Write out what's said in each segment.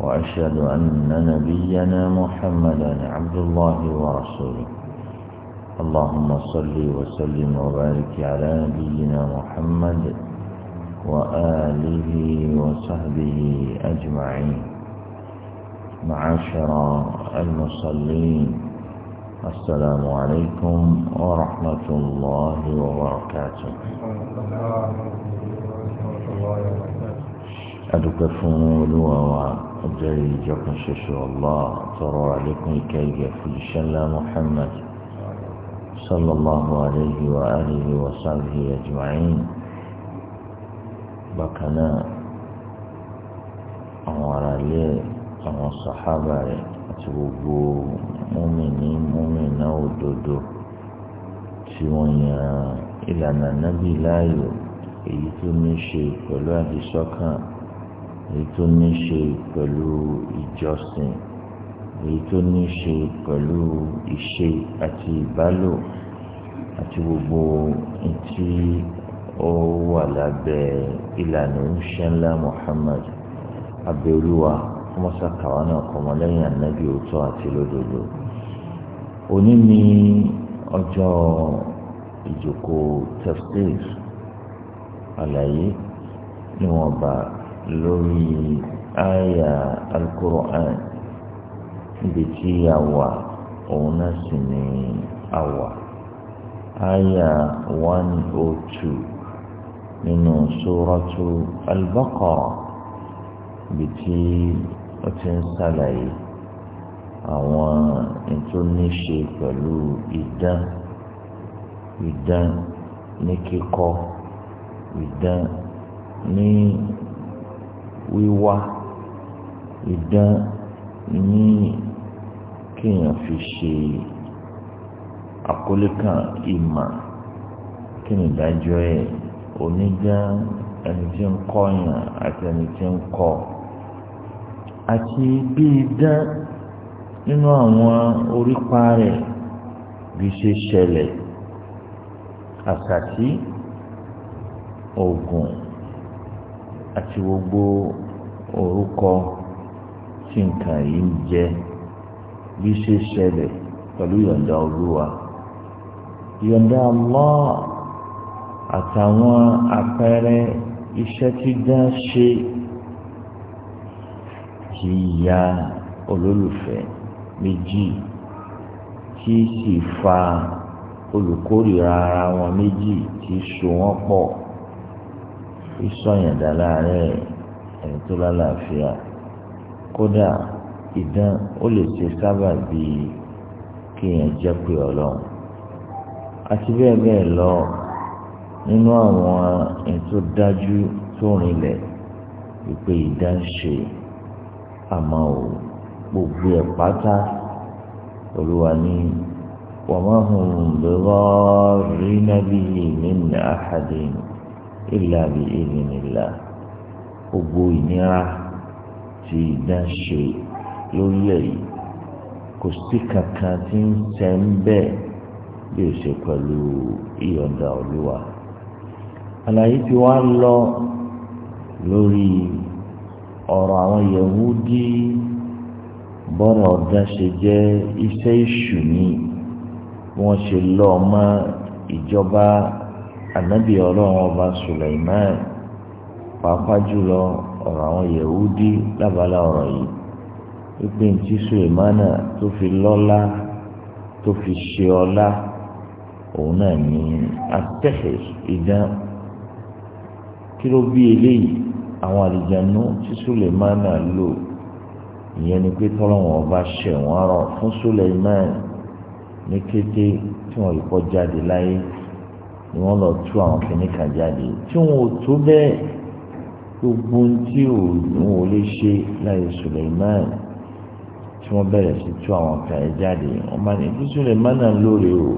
وأشهد أن نبينا محمدا عبد الله ورسوله اللهم صل وسلم وبارك على نبينا محمد وآله وصحبه أجمعين معاشر المصلين السلام عليكم ورحمة الله وبركاته أدوك فون ولوا ọjọ́ ìjọ kan ṣoṣo Allah tọrọ àlékún ìkẹ́ ìgẹ̀ fújìṣẹ́ ńlá Muhammad sallallahu alayhi wa alihi wa sahbihi ajma'in bákan náà àwọn ará ilé àwọn sàhábà rẹ̀ àti gbogbo múmìnì múmìnà òdodo tí wọ́n yan ìlànà nábì èyí tó ní ṣe pẹ̀lú àdìsọ́kàn èyí tó ní ṣe pẹ̀lú ìjọsìn èyí tó ní ṣe pẹ̀lú ìṣe àti ìbálò àti gbogbo etí ó wà lábẹ́ ìlànà ìṣẹ́ńlá Muhammad abẹ́olúwa ọmọsàkàwá náà kọmọlẹ́yìn ànábì òótọ́ àti lódodo òní ní ọjọ́ ìjókòó tafsir àlàyé níwọ̀nba lórí àyà alukur'an níbi tí a wà òun náà sì ní a wà àyà one oh two nínú sóràtú albaqara níbi tí ó ti ń sàlàyé àwọn ètò níṣe pẹ̀lú idán idán ní kíkọ́ idán ní wíwá idán ní kéèyàn fi ṣe àkọlé kan ìmọ̀ kí ni ìdájọ́ ẹ̀ onídán ẹni tí ń kọ́yàn àti ẹni tí ń kọ́ àti bí idán nínú àwọn orípa rẹ̀ bí ṣe ṣẹlẹ̀ àṣàtì oògùn àti gbogbo orúkọ tí nǹkan yìí ń jẹ́ bí ṣe ṣẹlẹ̀ pẹ̀lú yọ̀ǹda olúwa yọ̀ǹda Allah àtàwọn àpẹẹrẹ iṣẹ́ tí dá ṣe kì í ya olólùfẹ́ méjì kì í sì fa olùkórìíra ara wọn méjì kì so wọ́n pọ̀ ìsọyàndà láàrin ẹni tó lálàáfíà kódà ìdán ó lè ṣe sábà bíi kéèyàn jẹ́ pé ọlọ́run àti bẹ́ẹ̀ bẹ́ẹ̀ lọ nínú àwọn ẹni tó dájú tó rinlẹ̀ ìpè ìdánṣe àmọ́ ò gbogbo ẹ̀ pátá olúwa ní wàmáhùn bẹ́ẹ̀ rọ́ọ̀rí nábìyí min ahadin ìlà bí ìnìlá gbogbo ìnira tí idán ṣe lórí èyí kò sí kankan tí ń ṣe ń bẹ́ẹ̀ bí ó ṣe pẹ̀lú ìyọ̀ǹda olúwa àlàyé tí wàá lọ lórí ọ̀rọ̀ àwọn yẹ̀wúdí bọ́rọ̀ ọ̀dá ṣe jẹ́ iṣẹ́ ìṣù ni wọ́n ṣe lọ́ọ́ mọ́ ìjọba ànábì ọlọ́run ọba Sulaiman pàápàá jùlọ ọ̀rọ̀ àwọn yẹ̀wúdí lábala ọ̀rọ̀ yìí wípé ntí Sulaimana tó fi lọ́lá tó fi ṣe ọlá òun náà ní atẹ́fẹ̀ idán kí ló bí eléyìí àwọn àlìjánu tí Sulaimana lò ìyẹn ni pé tọ́lọ́wọ́n ọba ṣẹ̀wọ́n rọ̀ fún Sulaiman ní kété tí wọ́n rí kọjá dé láyé ni wọ́n lọ tú àwọn kìnnì kan jáde tí wọn ò tó bẹ́ẹ̀ gbogbo tí wọn ò lè ṣe láyé Suleiman tí wọ́n bẹ̀rẹ̀ sí tú àwọn kan jáde wọ́n máa ní Suleiman náà lóore o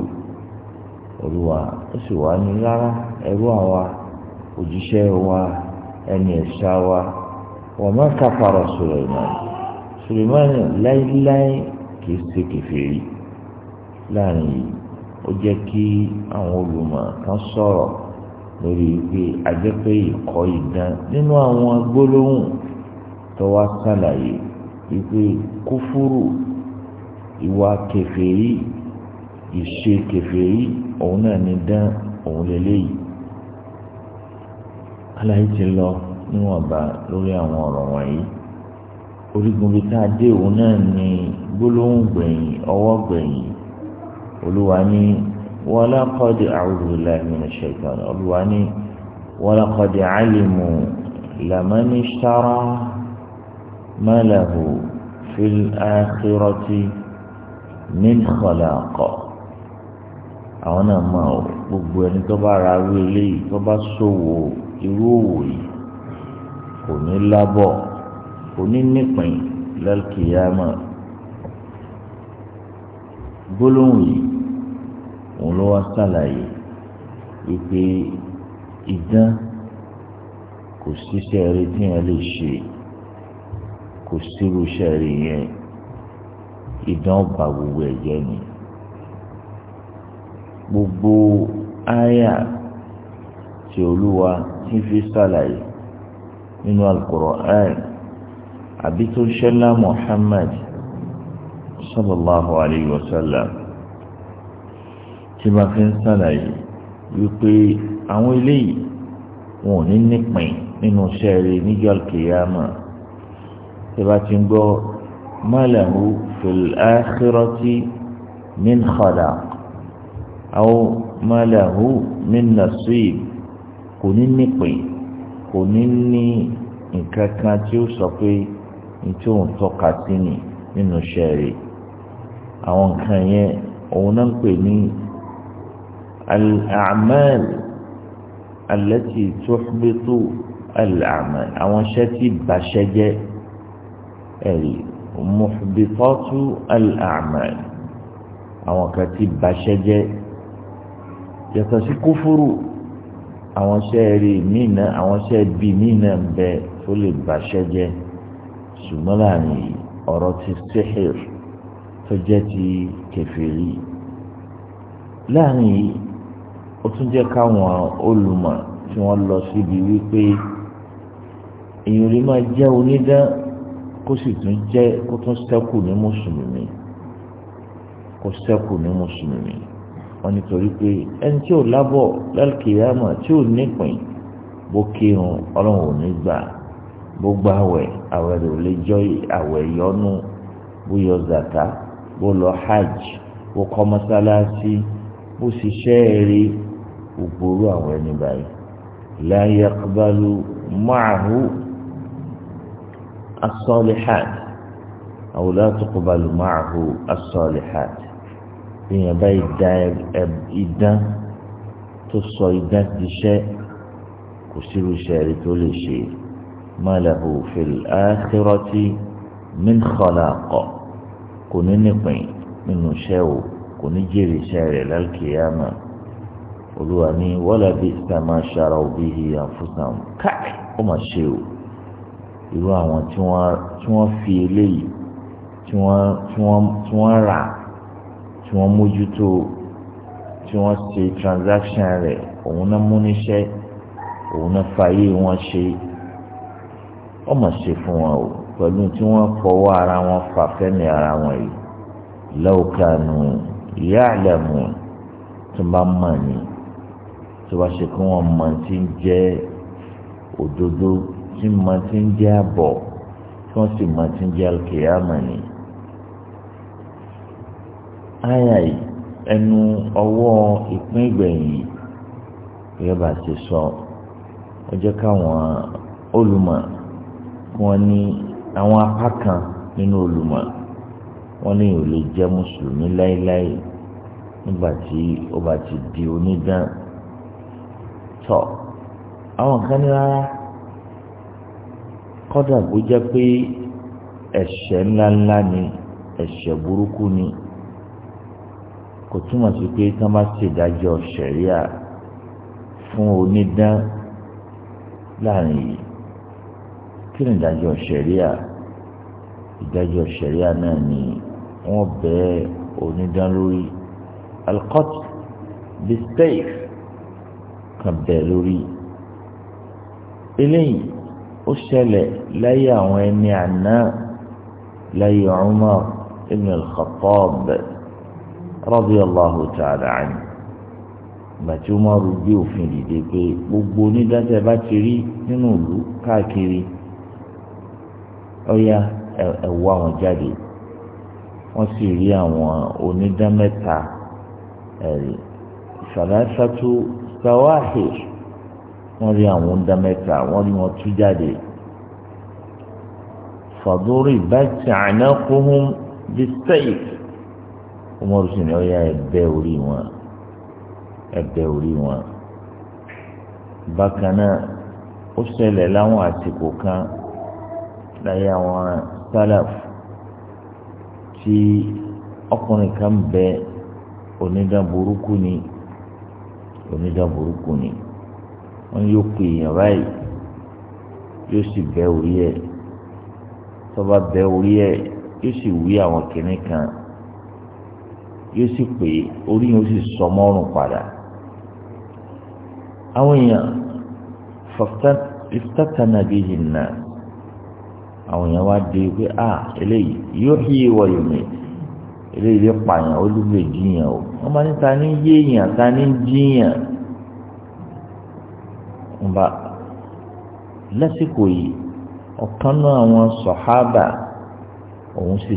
olùwà ó sì wà ní rárá ẹrú àwa òjíṣẹ́ wa ẹni ẹ̀ṣá wa wọ́n máa kápárọ̀ Suleiman Suleiman láéláé kìí ṣe kẹfẹ́ rí láàrin yìí ó jẹ́ kí àwọn olùmọ̀ kan sọ̀rọ̀ lórí wípé ajẹ́pẹ́ ìkọ́ ìdán nínú àwọn gbólóhùn tó wá sàlàyé wípé kúfúrù ìwà kèfèrí ìṣe kèfèrí òun náà ní dán òun lélẹ́yìí aláyé ti lọ níwọ̀nba lórí àwọn ọ̀rọ̀ wọ̀nyí orígun bíi tá a dé òun náà ní gbólóhùn gbẹ̀yìn ọwọ́ gbẹ̀yìn olúwa ní wọlé kọ́dí àwùjọlá ìmìnira ṣèkàn olúwa ní wọlé kọ́dí àlìmù làmánì sára mẹ́lẹ̀hù fíl ákírọ́tì min kọlàkọ àwọn náà mọ gbogbo ẹni tó bá ra awé eléyìí tó bá ṣòwò irú òwò yìí kò ní lábọ̀ kò ní nípìn lálùkìyàmọ gbólóhùn yìí òun ló wá sàlàyé ìpè idán kò síṣẹ́ rí tí yẹn lè ṣe kò sírú iṣẹ́ rí yẹn idán ba gbogbo ẹ̀jẹ̀ ni gbogbo àyà tí olúwa ti fi sàlàyé nínú Al-Qur'an àbí tó ṣẹlá Muhammad sallallahu alayhi wa sallam tí ma fi ń sàlàyé wípé àwọn eléyìí wọn ò ní nípìn nínú sẹ́ẹ̀rì níjọ́ kìyàmà tí bá ti ń gbọ́ malahu fil akhirati min khalaq aw malahu min nasib kò ní nípìn kò ní ní nǹkan kan tí ó sọ pé ní tí òun tọ́ka sí ni nínú sẹ́ẹ̀rì àwọn nǹkan yẹn òun náà ń pè ní al-a'mal allati tuhbitu al-a'mal àwọn iṣẹ́ tí bàṣẹ jẹ́ ẹ̀rí muhbitatu al-a'mal àwọn kan tí bàṣẹ jẹ́ yàtọ̀ sí kúfúrú àwọn iṣẹ́ rí míì náà àwọn iṣẹ́ bíi míì náà ń tó lè bàṣẹ jẹ́ ṣùgbọ́n láàrin ọ̀rọ̀ ti sihir tó jẹ́ ti kèfèrí láàrin yìí ó tún jẹ́ káwọn olùmọ̀ tí wọ́n lọ síbi wípé èèyàn lè máa jẹ́ onídán kó sì tún jẹ́ kó tún ṣẹ́kù ní mùsùlùmí kó ṣẹ́kù ní mùsùlùmí wọ́n nítorí pé ẹni tí ò lábọ̀ lálùkìyàmọ̀ tí ò nípìn bó kírun ọlọ́run ò ní gbà bó gbàwẹ̀ àwẹ̀ rẹ̀ ò lè jọ àwẹ̀ yọnu bó yọ zàtà bó lọ hajj bó kọ́ mọ́sálásí bó sì ṣẹ́ẹ̀rí ògbóró àwọn ẹni báyìí láyé yaqbalu ma'ahu as-salihat aw la tuqbalu ma'ahu as hajj èèyàn bá ìdán tó sọ ìdán ti ṣẹ́ kò sírú iṣẹ́ rí tó lè ṣe ma lahu fil akhirati min khalaq. kò ní nípìn nínú iṣẹ́ o kò ní jèrè iṣẹ́ rẹ̀ lálùkìyàmà olúwa ní wọ́lá bí sàmà ṣara òbí yìí àǹfùsàn káì ó mà ṣe o irú àwọn tí wọ́n fi eléyìí tí wọ́n rà tí wọ́n mójútó tí wọ́n ṣe transaction rẹ̀ òun náà mú òun náà fàyè wọn ṣe ó mà ṣe fún wọn o pẹ̀lú tí wọ́n fọwọ́ ara wọn fà fẹ́mi ara wọn yìí law kanu ya'lamun tó bá mọ̀ ní tó bá ṣe kí wọ́n mọ̀ tí ń jẹ́ òdodo tí mọ̀ tí ń jẹ́ àbọ̀ tí wọ́n sì mọ̀ tí ń jẹ́ alkiyama ni. àyà yìí ẹnu ọwọ́ ìpín ìgbẹ̀yìn yìí gẹ́gẹ́ ti sọ ó káwọn olùmọ̀ kí wọ́n ní àwọn apá kan nínú olùmọ̀ wọ́n ní ò lè jẹ́ mùsùlùmí láéláé nígbà tí ó bá ti di onídán tọ́ àwọn kan ní rárá kọ́dà bó jẹ́ pé ẹ̀ṣẹ̀ ńláńlá ni ẹ̀ṣẹ̀ burúkú ni kò túmọ̀ sí pé ká má ṣèdájọ́ ṣẹ̀ríà fún onídán láàrin yìí kí ni ìdájọ́ ṣẹ̀ríà ìdájọ́ ṣẹ̀ríà náà ni wọ́n bẹ́ onídán lórí alqat bisayf kan bẹ́ lórí eléyìí ó ṣẹlẹ̀ láyé àwọn ẹni àná láyé Umar ibn al-Khattab radiyallahu ta'ala anhu gbàtí Umar gbé òfin dìde pé gbogbo onídán bá ti rí nínú ìlú káàkiri ọ̀yà ẹ̀wọ́ àwọn jáde wọ́n sì rí àwọn onídámẹ́ta ẹ̀rí ṣàlàṣàtú sàwáhì wọ́n rí àwọn onídámẹ́ta wọ́n rí wọn tú jáde fàdúrì bá ti àná kóhún bí sẹ́yìn wọ́n sì ní ọ̀yà ẹ̀bẹ́ orí wọn ẹ̀bẹ́ orí wọn bákan náà ó ṣẹlẹ̀ láwọn àsìkò kan láyé àwọn sálàf tí ọkùnrin kan bẹ onídàá burúkú ni onídàá burúkú ni wọn yóò pè èèyàn báyìí yóò sì bẹ orí ẹ tọba bẹ orí ẹ yóò sì wí àwọn kìnnì kan yóò sì pè orí yóò sì sọ mọ́rùn padà àwọn èèyàn fọ̀tà ìfọ̀tà nàbí yìí náà àwọn èèyàn wá dé pé a eléyìí yóò hí ìwọ yòmí eléyìí lè pààyàn ó lè lè jiyàn o wọn bá ní ta ní yéèyàn ta ní jiyàn nba lásìkò yìí ọ̀kan náà àwọn sọ̀hábà òun sì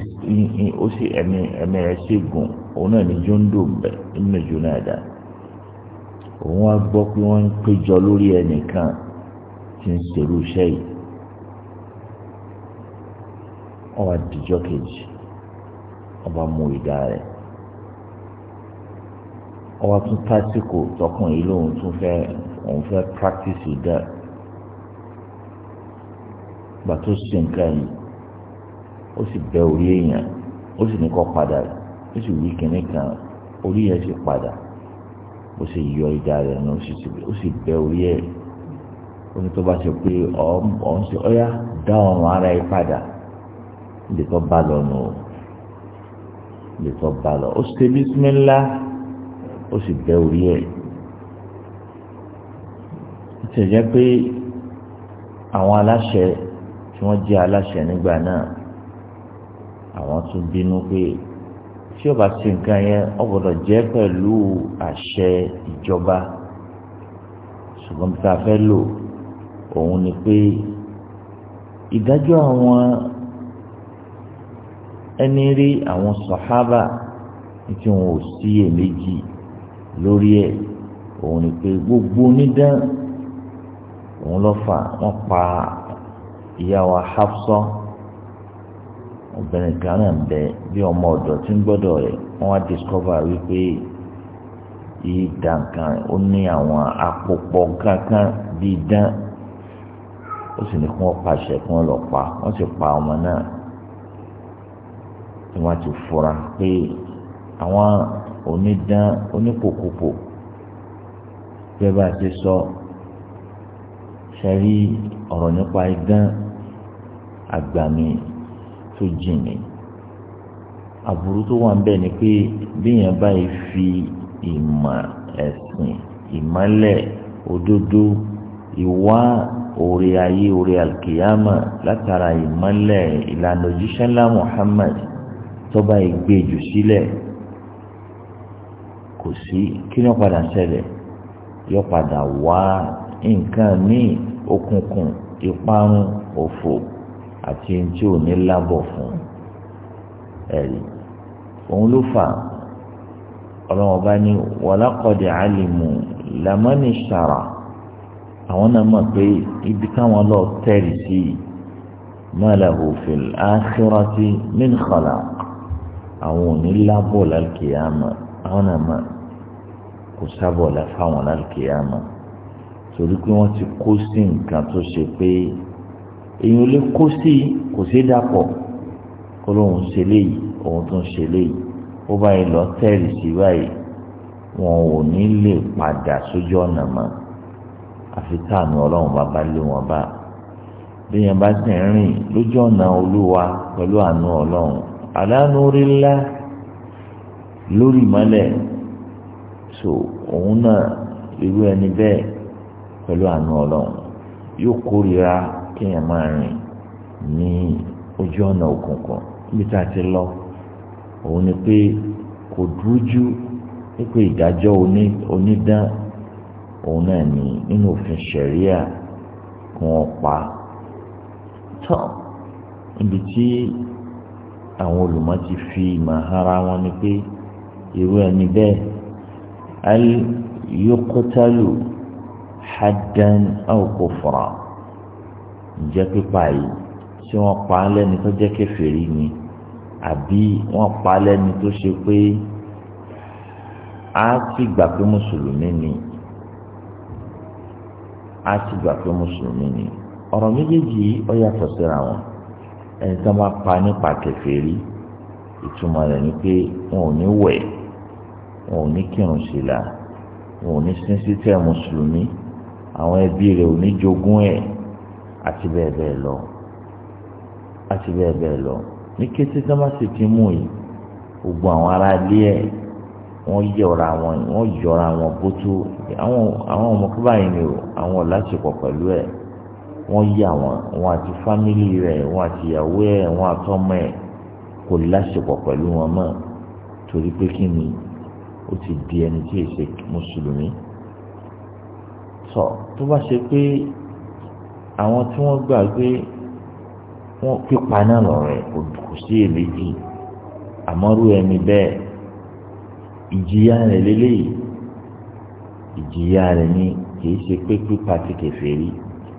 ó sì ẹ̀mí ẹ̀mí rẹ̀ sì gùn òun náà ní jóńdó bẹ̀ nínú jùnáàdà òun wá gbọ́ pé wọ́n ń péjọ lórí ẹnìkan tí ń ṣerú iṣẹ́ yìí ọba dìjọ́ kejì ọba mu ịdara rẹ̀ tún tásìkò tọkàn yìí lóun tún fẹ́ òun fẹ́ practice ìdá gbàtó sí yìí ó sì bẹ orí èèyàn ó sì ní kọ́ padà ó sì wí kan orí yẹn sì padà ó sì yọ ìdá náà ó sì orí ó ní tó bá ṣe pé ara ibi tó bá lọ nù ibi tó bá lọ ó ṣe bísímìlá ó sì bẹ́ orí ẹ̀ ó ti jẹ́ pé àwọn aláṣẹ tí wọ́n jẹ́ aláṣẹ nígbà náà àwọn tún bínú pé tí ó bá ti nǹkan yẹn ó gbọ́dọ̀ jẹ́ pẹ̀lú àṣẹ ìjọba ṣùgbọ́n bí ká fẹ́ lò òun ni pé ìdájọ́ àwọn ẹni rí àwọn sọ̀hábà tí wọn ò síyèméjì lórí ẹ̀ òun ni pé gbogbo onídán òun lọ fà wọ́n pa ìyá wa Hafsa obìnrin kan náà ń bẹ bí ọmọ ọ̀dọ̀ tí ń gbọ́dọ̀ rẹ̀ wọ́n wá discover wípé ìdán kan ó ní àwọn àpòpọ̀ kankan bíi dán ó sì ní kí wọ́n pàṣẹ kí wọ́n lọ pa wọ́n sì pa ọmọ náà tí wọ́n ti fura pé àwọn onídán oníkòkòkò bẹ́ẹ̀ bá ti sọ sẹ́rí ọ̀rọ̀ nípa idán àgbàmì tó jìnnì àbúrú tó wà ń bẹ̀ ni pé bíyàn báyìí fi ìmọ̀ ẹ̀sìn ìmọ̀lẹ̀ òdodo ìwá orí ayé látara ìmọ̀lẹ̀ ìlànà òjíṣẹ́lá Muhammad tọ́ba ìgbèjù sílẹ̀ kò sí kí ni ó padà ṣẹlẹ̀ yóò padà wá nǹkan ní òkùnkùn ìparun òfò àti tí ò ní lábọ̀ fún ẹ̀rí òun ló fà ọlọ́run ọba ní walaqad alimu lamani ṣàrà àwọn náà mọ̀ pé ibi táwọn lọ tẹ̀rì sí ma lahu fil akhirati min àwọn ò ní lábọ̀ lálùkìyàmà àwọn àmà kò sábọ̀ láfáwọn lálùkìyàmà torí pé wọ́n ti kó sí nǹkan tó ṣe pé èyàn lè kó sí kò sí dàpọ̀ kó lóun ṣe léyìí òun tó ń ṣe léyìí ó báyìí lọ tẹ́rì sí báyìí wọn ò ní lè padà sójú ọ̀nà mọ́ àfi táàmì ọlọ́run bá bá lé wọn bá bí yẹn bá sì ń rìn lójú ọ̀nà olúwa pẹ̀lú àánú ọlọ́run àlánúrí ńlá lórí ìmọ́lẹ̀ so òun náà irú ẹni bẹ́ẹ̀ pẹ̀lú àánú ọlọ́run yóò kórìíra kéèyàn máa rìn ní ojú ọ̀nà òkùnkùn níbi tá a ti lọ òun ni pé kò dúrójú pípé ìdájọ́ onídán òun náà ni nínú òfin ṣẹ̀ríà kí wọ́n pa tán níbi tí àwọn olùmọ̀ ti fi ìmọ̀ ara wọn ni pé irú ẹni bẹ́ẹ̀ al yuqtalu haddan aw kufra ǹjẹ́ pípa yìí tí wọ́n pa á lẹ́ni tó jẹ́ kèfèrí ni àbí wọ́n pa á lẹ́ni tó ṣe pé a ti gbà pé mùsùlùmí ni a ti gbà pé mùsùlùmí ni ọ̀rọ̀ méjèèjì ó síra wọn ẹni tó máa pa nípa kèfèrí ìtumọ̀ rẹ̀ ni pé wọn ò ní wẹ̀ wọn ò ní kírun sílá wọn ò ní sin sítẹ́ mùsùlùmí àwọn ẹbí rẹ̀ ò ní jogún ẹ̀ àti bẹ́ẹ̀ bẹ́ẹ̀ lọ àti bẹ́ẹ̀ bẹ́ẹ̀ lọ ní kété tó bá sì ti mú yìí gbogbo àwọn ará ilé ẹ̀ wọ́n yọra wọn wọ́n yọra wọn bótó àwọn àwọn ọmọ kí ni o àwọn ò láṣepọ̀ pẹ̀lú ẹ̀ wọ́n yà wọ́n wọ́n àti fámìlì rẹ̀ wọ́n àti ìyàwó ẹ̀ wọ́n àtọ́mọ ẹ̀ kò láṣepọ̀ pẹ̀lú wọn mọ́ torí pé kí ni ó ti di ẹni tí èsè mùsùlùmí sọ tó bá ṣe pé àwọn tí wọ́n gbà pé wọ́n pípa náà lọ rẹ̀ kò sí èléjì àmọ́rú ẹni bẹ́ẹ̀ ìjìyà rẹ̀ lélẹ́yìí ìjìyà rẹ̀ ni kì í ṣe pé pípa ti kẹfẹ́ rí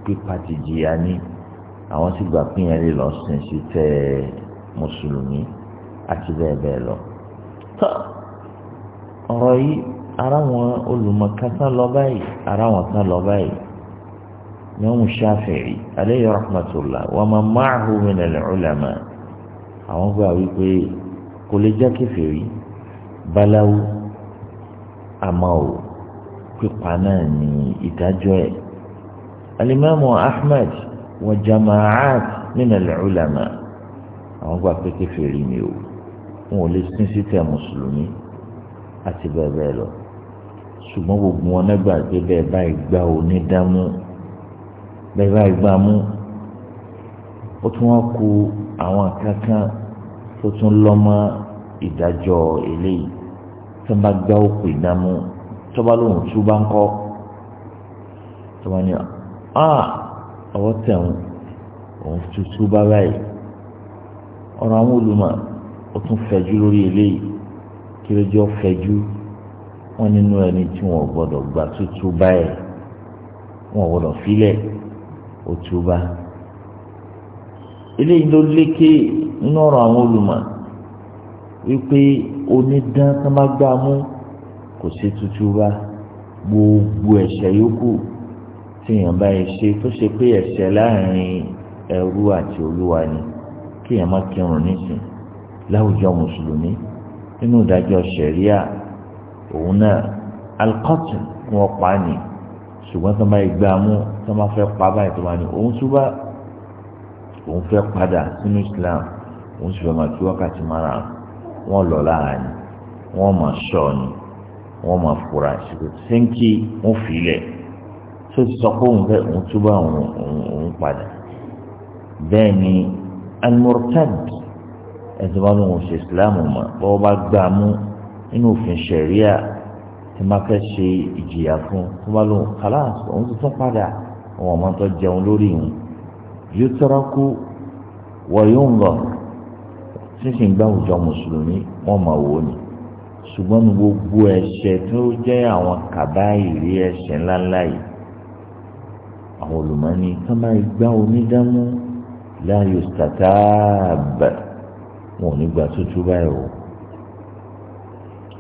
pípa ti jìyà ní àwọn sì gbà pín yẹn lè lọ sin sí tẹ mùsùlùmí àti bẹ́ẹ̀ bẹ́ẹ̀ lọ. tó ọ̀rọ̀ yìí ara wọn olùmọ̀ká tán lọ báyìí ara wọn tán lọ báyìí yọ̀ọ́mù Shafi'i alayhi rahmatullah wa man ma'ahu min al-ulama àwọn gbà wípé kò lè jẹ́ kèfèrí báláwú àmọ́ ò pípa náà ní ìdájọ́ ẹ̀ alimami ahmed وجماعات من العلماء. al-ulama àwọn gba مسلمي. kèfèrí ni o wọn ò lè sin síta mùsùlùmí àti bẹ́ẹ̀ bẹ́ẹ̀ lọ ṣùgbọ́n gbogbo wọn nígbà pé bẹ́ẹ̀ báyìí gbá onídàmú bẹ́ẹ̀ báyìí gbá mú ó tún wọn ku àwọn kankan tó tún lọ́mọ ìdájọ́ eléyìí tó bá gbá òkú ìdàmú tó bá lóun tú ń kọ́ tó bá ní Ah, ọwọ́ tẹ̀ wọn òun tuntun bá báyìí ọ̀rọ̀ àwọn olùmọ̀ ó tún fẹ̀jú lórí eléyìí kí ló jọ fẹ̀jú wọn nínú ẹni tí wọn gbọ́dọ̀ gbà tuntun báyìí wọn gbọ́dọ̀ filẹ̀ ó túbà eléyìí ló lékè nínú ọ̀rọ̀ àwọn olùmọ̀ wípé onídán tó má gbà mú kò sí tuntun bá gbogbo ẹ̀ṣẹ̀ yòókù tí èèyàn bá yẹn ṣe tó ṣe pé ẹ̀ṣẹ̀ láàrin ẹrú àti olúwa ni kí èèyàn má kírun nísìn láwùjọ mùsùlùmí nínú ìdájọ́ ṣẹ̀ríà òun náà alkọ́tù kí wọ́n pa á nì ṣùgbọ́n tó máa gbé amú tó máa fẹ́ pa báyìí tó máa ní òun túbá òun fẹ́ padà sínú Islam òun sì fẹ́ máa tú wákàtí mara wọn lọ lára ni wọn máa sọ ni wọn máa fura ṣùgbọ́n sẹ́ńkì wọn fi lẹ̀ tó ti sọ pé òun fẹ́ òun túbọ̀ òun padà bẹ́ẹ̀ ni almurtad ẹ̀sìn bá lóun ṣe islam mọ́ bọ́wọ́ bá gbà mú nínú òfin ṣẹ̀ríà tí máa fẹ́ ṣe ìjìyà fún tó bá lóun kàlàs òun ti tún padà òun ọmọ tó jẹun lórí òun yóò tọ́ra kú wọ́n ń lọ sísìn gbá àwùjọ mùsùlùmí wọ́n máa wò ó ni ṣùgbọ́n gbogbo ẹ̀ṣẹ̀ tó jẹ́ àwọn kàbáyìí rí ẹ̀ṣẹ̀ ńláńlá yìí àwọn olùmọ́ni ká máa gbá onídàmú láàyò sàtáàbà wọn ò ní gba tútú báyìí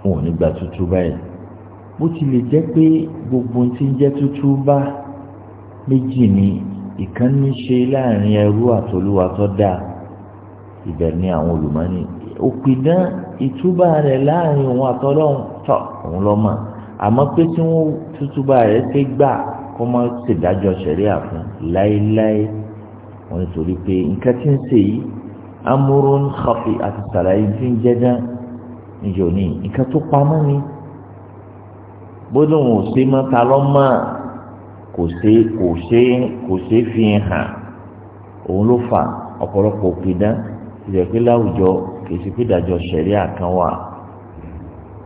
o wọn ò ní gba tútú báyìí bó tilẹ̀ jẹ́ pé gbogbo tí ń jẹ́ tútú bá méjì ni ìkan ní ṣe láàrin ẹrú àtolúwa tó dáa ibẹ̀ ni àwọn olùmọ́ni òpìdán ìtúbà rẹ̀ láàrin òun àtọ́lọ́hún tọ̀ òun lọ́mọ àmọ́ pé tí wọ́n tútúbà rẹ̀ ṣe gbà kó má ṣèdájọ́ sẹ̀ríà fún láéláé wọn nítorí pé nǹkan tí ń ṣe yìí amúrún xafi àti sàlàyé tí ń jẹ́dá níjọ ní nǹkan tó pamọ́ ni gbólóhùn ò ṣe mọ́ ta lọ́ mọ́ kò ṣe kò ṣe kò ṣe fi hàn òun ló fà ọ̀pọ̀lọpọ̀ òpìdán ìrẹ̀ pé láwùjọ kì í ṣe pé ìdájọ́ sẹ̀ríà kan wà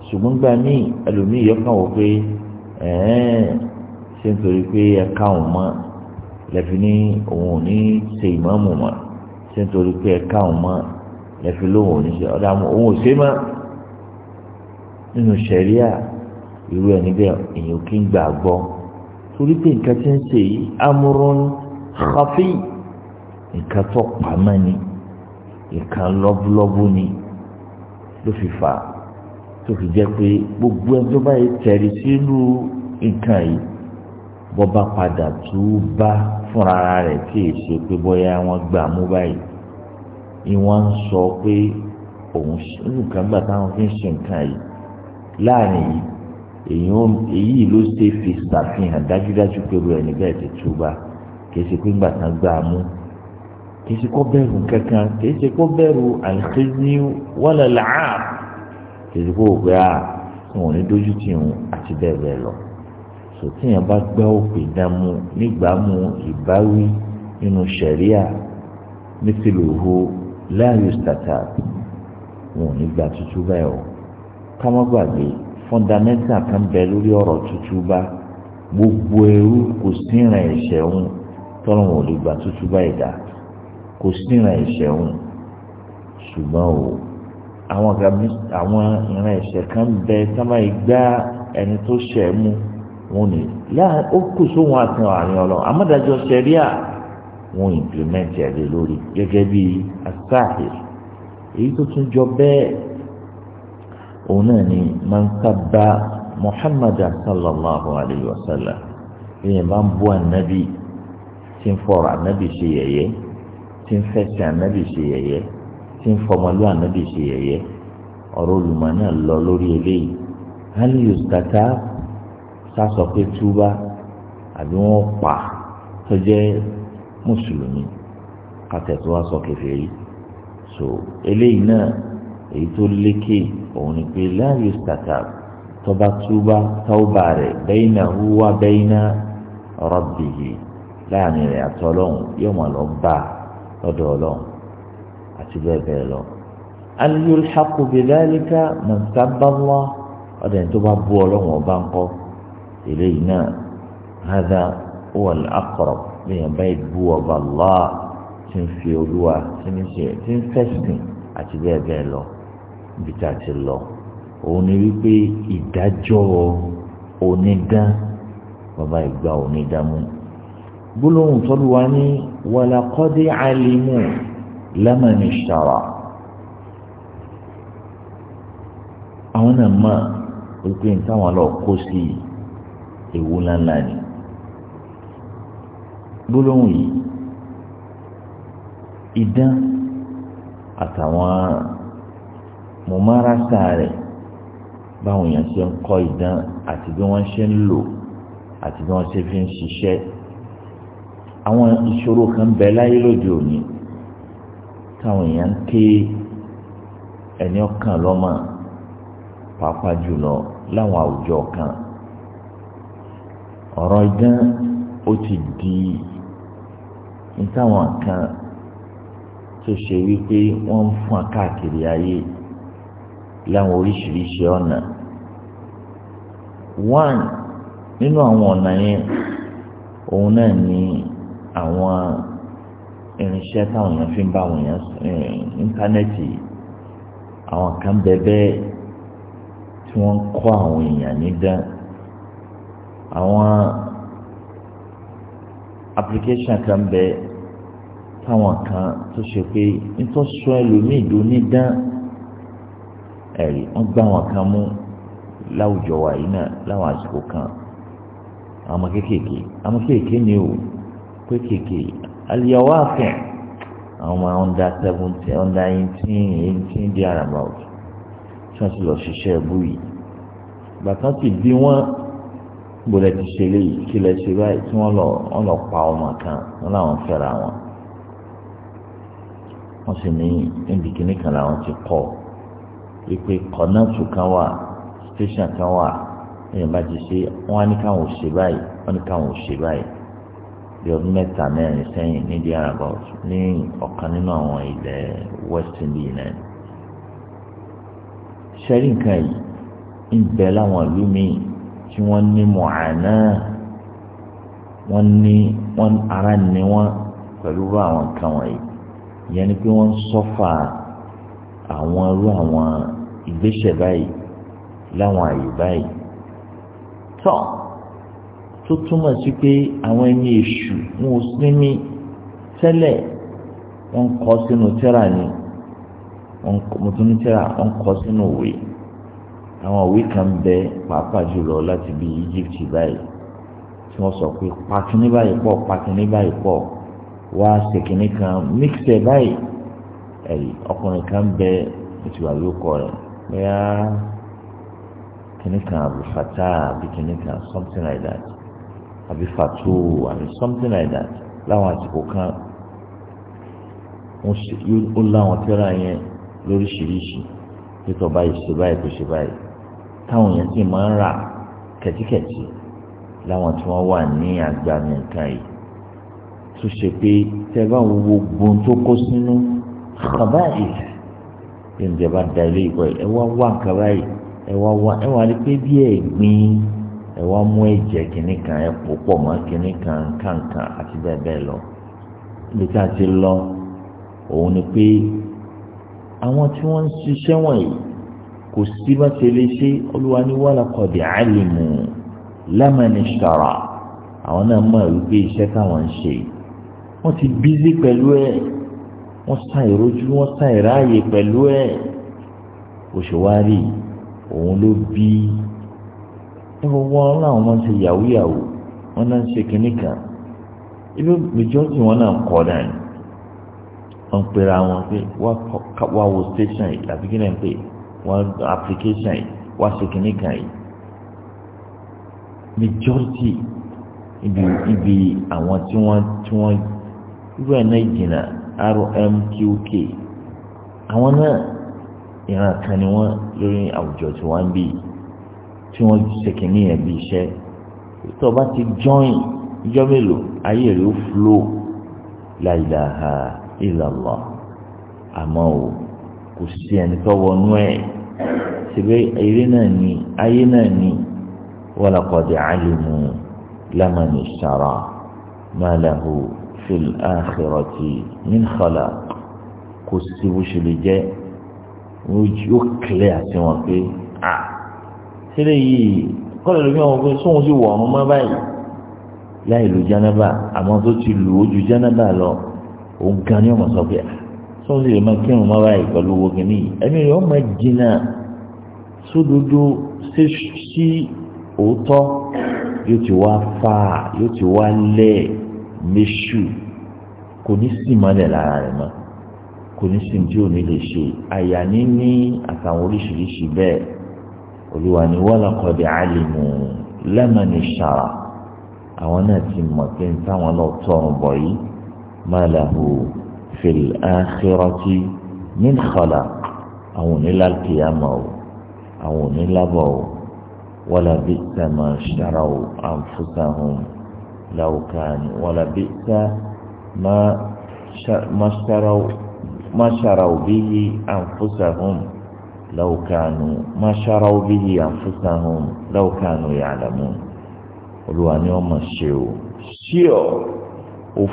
ṣùgbọ́n gbà míì ẹlòmíì yọkàn wò pé ẹ̀ẹ́n ṣé nítorí pé ẹ̀ka òun mọ́ lẹ́fi ní òun ò ní ṣe ìmáàmù mọ́ ṣé nítorí pé ẹ̀ka òun mọ́ lẹ́fi lóun ò ní ṣe ọ̀dà òun ò ṣe mọ́ nínú ṣẹ̀ríà irú ẹni bẹ́ẹ̀ èèyàn kì í gbà gbọ́ torí pé nǹkan tí ń ṣe yìí amúrún xafi nǹkan tó pamọ́ ni nǹkan lọ́búlọ́bú ni ló fi fà á tó fi jẹ́ pé gbogbo ẹni tó tẹ̀rí sínú nǹkan yìí bọ́ba padà tú bá fúnra rẹ̀ tí èyí ṣe pé bóyá wọ́n gbà mú báyìí ìwọ́n ń sọ pé òun nǹkan gbà táwọn fi ń ṣe nǹkan yìí láàrin yìí èyí ló ṣe fi ṣàfihàn dájúdájú pé rẹ̀ níbẹ̀ ti tú bá kì í ṣe pé gbà tán gbà mú kì í ṣe kó bẹ̀rù kankan kì í ṣe kó bẹ̀rù àìsèzí wọ́lẹ̀ làá kì í ṣe kó wò pé à ah, wọn ní dójú tì ń àti bẹ́ẹ̀ bẹ́ẹ̀ lọ sòtíyàn bá gbá òpè dàmú nígbàmú ìbáwí nínú sẹ̀ríà mísìlòho láàyò sàtà wọn ò ní gba tútú báyìí o ká má gbàgbé fọ́ndámẹ́ntà kan bẹ lórí ọ̀rọ̀ tútú bá gbogbo ẹrú kò síran ẹ̀ṣẹ̀ ń tọ́lọ̀ wọn ò lè gba tútú báyìí dá kò síran ẹ̀ṣẹ̀ ń ṣùgbọ́n o àwọn ìran ẹ̀ṣẹ̀ kan bẹ sábà gbá ẹni tó ṣẹ̀ mú wọn ni láà ó kù sóhun àtàn àárín ọlọ amádájọ sẹríà wọn ìmplimẹ́ǹtì ẹ̀rẹ́ lórí gẹ́gẹ́ bí asáàhì èyí tó tún jọ bẹ́ẹ̀ òun náà ni mankaba muhammad sallallahu alayhi wa sallam èèyàn bá ń bú ànábì tí ń fọ̀rọ̀ ànábì ṣe yẹ̀yẹ́ tí ń fẹsẹ̀ ànábì ṣe yẹ̀yẹ́ tí ń fọmọlú ànábì ṣe yẹ̀yẹ́ ọ̀rọ̀ olùmọ̀ náà lọ lórí eléyìí hali yóò kàkà sásọ pé túbá àbí wọ́n pa tó jẹ́ mùsùlùmí kàtẹ́tù wá sọ kèfèrí so eléyìí náà èyí tó lékè òun ni pé láàyè sàtà tọba túbá tọ́ba rẹ̀ bẹ́yìnà húwa bẹ́yìnà rọ́bìyì láàrin rẹ̀ àtọ́lọ́hún yóò mọ̀ lọ bá lọ́dọ̀ ọlọ́hún àti bẹ́ẹ̀ bẹ́ẹ̀ lọ. aliyul haqu bi dhalika man sabba Allah ọ̀dẹ̀ tó bá bú ọlọ́hún ọba ńkọ́ eléyìí náà hádà ó wà lákọ̀rọ̀ lèèyàn báyìí bú ọba Allah tí ń fi olúwa tí ń ṣe tí ń fẹ̀sìn àti bẹ́ẹ̀ bẹ́ẹ̀ lọ ibi tá a ti lọ òun ni wípé ìdájọ́ onídán bàbá ìgbà onídán mú gbólóhùn tọ́lú wa ní wàlàkọ́dé àlìmù lámàní ṣàrà àwọn náà mọ̀ wípé nítawọn lọ kó sí i ewu ńláńlá ni gbólóhùn yìí idán àtàwọn mọ̀márásá rẹ̀ báwọn èèyàn ṣe ń kọ́ idán àti bí wọ́n ṣe ń lò àti bí wọ́n ṣe fi ń ṣiṣẹ́ àwọn ìṣòro kan bẹ láyé lóde òní táwọn èèyàn ń ké ẹni ọkàn lọ́mọ pàápàá jùlọ láwọn àwùjọ kan ọ̀rọ̀ idán ó ti di nítawọn kan tó ṣe wípé wọ́n ń fún káàkiri ayé láwọn oríṣiríṣi ọ̀nà one nínú àwọn ọ̀nà yẹn òun náà ni àwọn irinṣẹ́ táwọn èèyàn fi ń bá àwọn èèyàn eh, íńtánẹ́ẹ̀tì àwọn kan bẹ́ẹ̀ tí wọ́n ń kọ́ àwọn èèyàn nídán àwọn application kan bẹ táwọn kan tó ṣe pé nítorí sọ ẹlòmíì dónídán ẹ̀rí wọ́n gbá wọn kan mú láwùjọ wa yìí náà láwọn àsìkò kan àwọn ọmọ kéékèèké àwọn kéékèèké ni o kéékèèké aliyawo afẹ àwọn ọmọ under seventeen under eighteen eighteen di arabout tí wọ́n ti lọ ṣiṣẹ́ ẹbú yìí bàtà ti bí wọn gbọdọ̀ ti ṣe léyìí kí lẹ ṣe báyìí tí wọ́n lọ wọ́n lọ pa ọmọ kan wọ́n làwọn fẹ́ra wọn wọ́n sì ní níbi kíní kan làwọn ti kọ́ wípé kọ́nọ́ọ̀tù kan wà station kan wà èèyàn bá ti ṣe wọ́n á ní káwọn ò ṣe báyìí wọ́n ní káwọn ò ṣe báyìí bí ọdún mẹ́ta mẹ́rin sẹ́yìn ní the arabout ní ọ̀kan nínú àwọn ilẹ̀ west indies náà ṣẹ́rí nǹkan yìí ń bẹ láwọn ìlú míì tí wọ́n ní mọ̀ọ́nà wọ́n ní wọ́n ara ní wọ́n pẹ̀lú bá àwọn nǹkan wọ̀nyí ìyẹn ni pé wọ́n ń sọ́fà àwọn irú àwọn ìgbésẹ̀ báyìí láwọn àyè báyìí tọ́ tó túmọ̀ sí pé àwọn ẹni èṣù ń wo sinmi tẹ́lẹ̀ wọ́n kọ́ sínú tẹ́ra ni wọ́n mo tún ní tẹ́ra wọ́n kọ́ sínú òwe àwọn òwe kan bẹ pàápàá jùlọ láti bí Egypt báyìí tí wọ́n sọ pé pàkínní báyìí pọ̀ pàkínní báyìí pọ̀ wá ṣèkínní kan mixẹ̀ báyìí ẹ̀rí ọkùnrin kan bẹ ìtura lóko rẹ̀ bóyá kínní kan àbúfàtà àbí kínní kan something like that àbí fàtó àbí something like that láwọn àsìkò kan ó láwọn tẹ́ra yẹn lóríṣiríṣi pé tó báyìí ṣe báyìí kò ṣe báyìí táwọn èèyàn sì máa ń rà kẹ̀tíkẹ̀tì láwọn tí wọ́n wà ní agbami nǹkan yìí tó ṣe pé tẹ́gbà wo gbogbo tó kó sínú kàbá yìí ìjọba da ilé ìkọ́ ẹ̀ ẹ wá wá nǹkan báyìí ẹ wá wá ẹ wá rí pé bí ẹ̀gbin ẹ wá mú ẹ̀jẹ̀ kìíní kan ẹ pò pọ̀ mọ́ kìíní kan kàǹkàn àti bẹ́ẹ̀ bẹ́ẹ̀ lọ ibi tá a ti lọ òun ni pé àwọn tí wọ́n ń ṣiṣẹ́ wọ̀nyí kò sí bá ṣe lè ṣe olúwa ní wàlá kọ̀dì àlìmù lámàní ṣàrà àwọn náà mọ̀ wípé iṣẹ́ táwọn ń ṣe wọ́n ti bízí pẹ̀lú ẹ̀ wọ́n sá ìrójú wọ́n sá ìráàyè pẹ̀lú ẹ̀ òṣèwárì òun ló bí ẹ wọ́n láwọn máa ń ṣe yahoo yahoo náà ń ṣe kinní kan ibi mìjọ́sìn wọn náà ń kọ́ náà wọ́n ń pera wọn pé wá wo station yìí àbí kí náà ń pè é wọ́n application yìí wọ́n ṣe kan yìí majority ibi ibi àwọn tí wọ́n tí wọ́n irú ẹ̀ náà jìnnà rmqk àwọn náà ìran kan ni wọ́n lórí àwùjọ tí wọ́n ń bí tí wọ́n ṣe kìíní yẹn bí iṣẹ́ tó o bá ti join ìjọ mélòó ayé rẹ̀ ó flow la ilaha illallah àmọ́ o kò sí ẹni tó wọnú ẹ̀ síbẹ̀ ayé náà ni ayé náà ni walaqad alimu laman ishara ma lahu fil akhirati min khalaq kò sí bó ṣe lè jẹ́ yóò kílẹ̀ àti wọn pé à sílẹ̀ yìí kọ́lẹ̀ lómi àwọn pé sóhun sì wọ̀ ọ́n mọ́ báyìí láì lu jánábà àmọ́ tó ti lù ó ju lọ òun gan ni wọ́n sọ pé à sọ́ọ́sì lè máa kírun máa báyìí pẹ̀lú owó kìíní ẹni rẹ̀ ó máa jìnnà sódodo sí òótọ́ yóò ti wá fà yóò ti wá lẹ̀ méṣù kò ní sì mọ́lẹ̀ lára rẹ̀ mọ́ kò ní sì tí ò ní lè ṣe àyà níní àtàwọn oríṣiríṣi bẹ́ẹ̀ olùwà ni wọ́n lọ kọ́ di àlìmù lẹ́mọ̀nì ṣàrà àwọn náà ti mọ̀ pé táwọn náà tọrùn bọ̀ yìí má làhùn. في الآخرة من خلاق أو نلا القيامة أو نلا بو ولا بئس ما اشتروا أنفسهم لو كان ولا بئس ما ما اشتروا ما شروا به أنفسهم لو كانوا ما شروا به أنفسهم لو كانوا يعلمون olùwà أن يوم الشيو ṣe o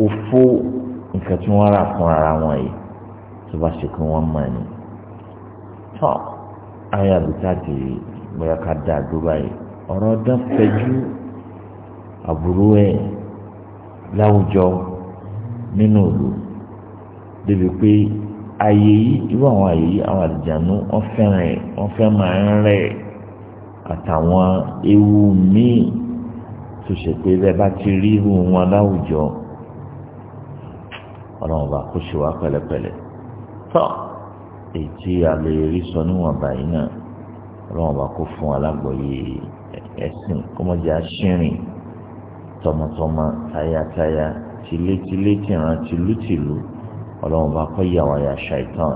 òfó nǹkan tí wọ́n rà fún ara wọn yìí tó bá ṣe pé wọ́n mọ̀ ni. tọ́ ayé àbúta ti bóyá ká dá a dúró báyìí ọ̀rọ̀ dán fẹjú àbúrò ẹ̀ láwùjọ nínú òlu débi pé ààyè yìí irú àwọn ààyè yìí àwọn àdìjànú wọ́n fẹ́ràn ẹ̀ wọ́n fẹ́ máa ń rẹ̀ àtàwọn ewu míì tó ṣe pé bẹ́ẹ̀ bá ti rí irú wọn láwùjọ ọlọ́run bá kó ṣe wá pẹ̀lẹ́pẹ̀lẹ́ tọ́ èjì àlè rí sọ níwọ̀n báyìí náà ọlọ́run bá kó fún alágbọ̀yé ẹ̀sìn kọ́mọ́jà ṣìrìn tọmọtọmọ tayataya tilétilé tìran tìlútìlú ọlọ́run bá kọ́ yà wá ya ṣàìtàn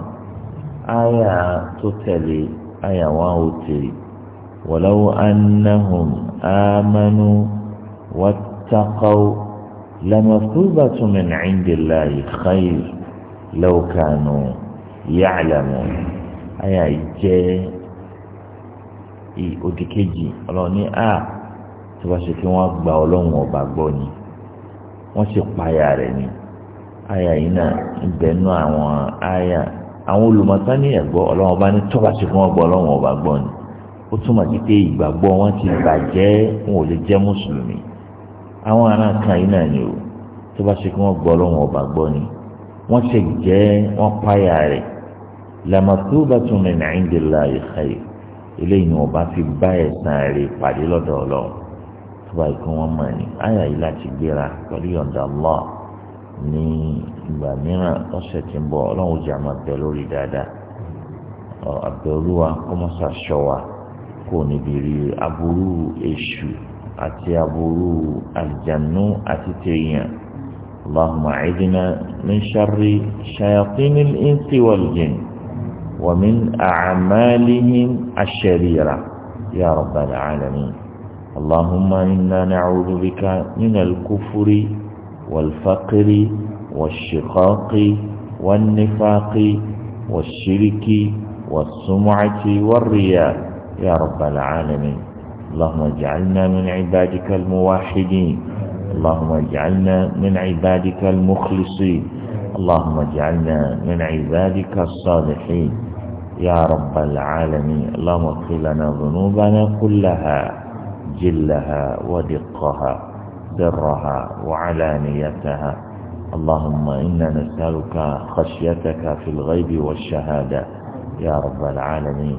áyà tó tẹ̀lé áyà wá ó tèrè wọ́lọ́wọ́ annahum amanu wattaqaw. لمثوبة من عند الله خير لو كانوا يعلمون àyà ìjẹ́ òdì kejì ọlọ́run ní a tó bá ṣe kí wọ́n gba ọlọ́run ọba gbọ́ ni wọ́n sì payà rẹ̀ ni àyà yìí náà ń bẹnu àwọn àyà àwọn olùmọ̀tá ní ẹ̀gbọ́ ọlọ́run ọba ní tó bá ṣe kí wọ́n gba ọlọ́run ọba gbọ́ ni ó túmọ̀ sí pé ìgbàgbọ́ wọn ti bàjẹ́ wọn ò lè jẹ́ mùsùlùmí àwọn ará kan yìí náà ni o tó bá ṣe kí wọ́n gbọ́ lọ́wọ́ ọba gbọ́ ni wọ́n ṣe jẹ́ wọ́n páyà rẹ̀ lamathubatun min indillahi khair eléyìí ni wọ́n bá fi bá ẹ̀sán rẹ̀ pàdé lọ́dọ̀ Ọlọ́run tó bá yìí kí wọ́n mọ̀ ni àyà yìí láti gbéra pẹ̀lú yọ̀ǹda Allah ní ìgbà mìíràn ọ̀sẹ̀ tí ń bọ̀ ọlọ́run jẹ́ àmọ́ bẹ lórí dáadáa àbẹ̀olúwa kọ́mọ́sà ṣọ́wa kò níbi rí aburú èṣù àti aburú àlìjànú àti tèèyàn اللهم أعذنا من شر شياطين الإنس والجن ومن أعمالهم الشريرة يا رب العالمين اللهم إنا نعوذ بك من الكفر والفقر والشقاق والنفاق والشرك والسمعة والرياء يا رب العالمين اللهم اجعلنا من عبادك الموحدين اللهم اجعلنا من عبادك المخلصين اللهم اجعلنا من عبادك الصالحين يا رب العالمين اللهم اغفر لنا ذنوبنا كلها جلها ودقها درها وعلانيتها اللهم إنا نسألك خشيتك في الغيب والشهادة يا رب العالمين